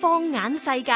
放眼世界，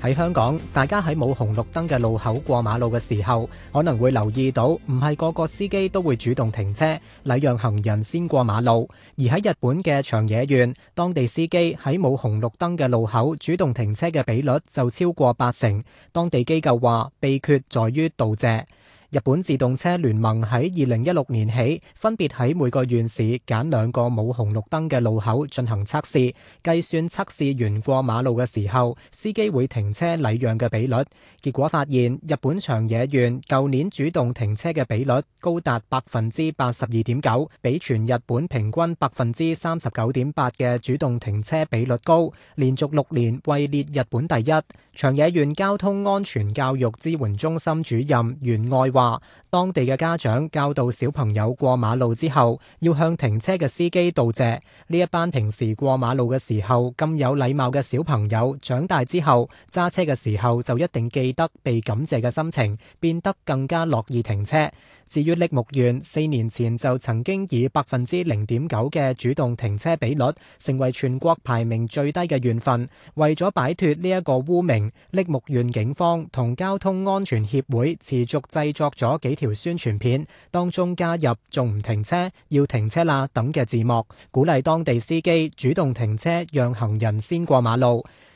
喺香港，大家喺冇紅綠燈嘅路口過馬路嘅時候，可能會留意到，唔係個個司機都會主動停車，禮讓行人先過馬路。而喺日本嘅長野縣，當地司機喺冇紅綠燈嘅路口主動停車嘅比率就超過八成。當地機構話，秘訣在於道謝。日本自動車聯盟喺二零一六年起，分別喺每個縣市揀兩個冇紅綠燈嘅路口進行測試，計算測試員過馬路嘅時候，司機會停車禮讓嘅比率。結果發現，日本長野縣舊年主動停車嘅比率高達百分之八十二點九，比全日本平均百分之三十九點八嘅主動停車比率高，連續六年位列日本第一。長野縣交通安全教育支援中心主任袁愛話：當地嘅家長教導小朋友過馬路之後，要向停車嘅司機道謝。呢一班平時過馬路嘅時候咁有禮貌嘅小朋友，長大之後揸車嘅時候就一定記得被感謝嘅心情，變得更加樂意停車。至於獵木園四年前就曾經以百分之零點九嘅主動停車比率，成為全國排名最低嘅縣份。為咗擺脱呢一個污名，獵木縣警方同交通安全協會持續製作咗幾條宣傳片，當中加入仲唔停車要停車啦等嘅字幕，鼓勵當地司機主動停車，讓行人先過馬路。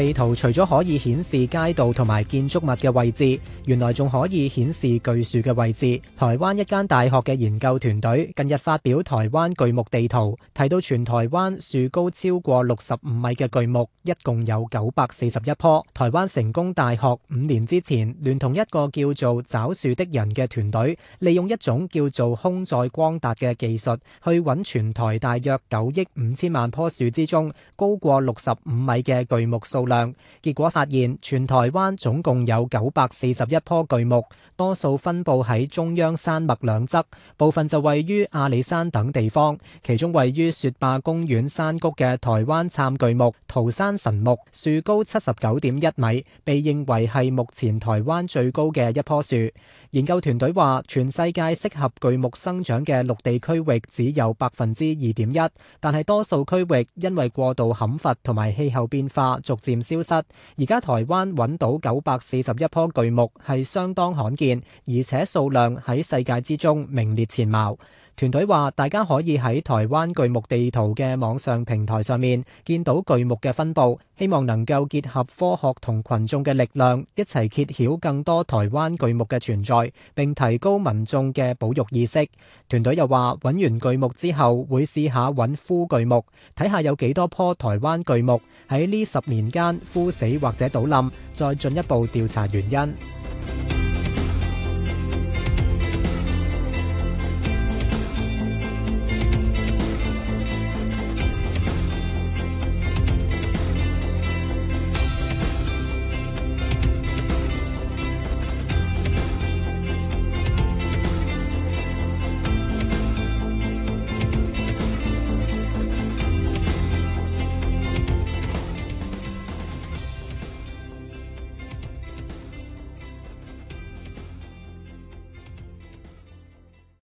地圖除咗可以顯示街道同埋建築物嘅位置，原來仲可以顯示巨樹嘅位置。台灣一間大學嘅研究團隊近日發表台灣巨木地圖，提到全台灣樹高超過六十五米嘅巨木一共有九百四十一棵。台灣成功大學五年之前聯同一個叫做找樹的人嘅團隊，利用一種叫做空載光達嘅技術，去揾全台大約九億五千萬棵樹之中高過六十五米嘅巨木數量。量結果發現，全台灣總共有九百四十一棵巨木，多數分布喺中央山脈兩側，部分就位於阿里山等地方。其中位於雪霸公園山谷嘅台灣杉巨木、桃山神木，樹高七十九點一米，被認為係目前台灣最高嘅一棵樹。研究團隊話，全世界適合巨木生長嘅陸地區域只有百分之二點一，但係多數區域因為過度砍伐同埋氣候變化逐漸。漸消失，而家台灣揾到九百四十一棵巨木，係相當罕見，而且數量喺世界之中名列前茅。團隊話：大家可以喺台灣巨木地圖嘅網上平台上面見到巨木嘅分佈，希望能夠結合科學同群眾嘅力量，一齊揭曉更多台灣巨木嘅存在，並提高民眾嘅保育意識。團隊又話：揾完巨木之後會試試木，會試下揾枯巨木，睇下有幾多棵台灣巨木喺呢十年間枯死或者倒冧，再進一步調查原因。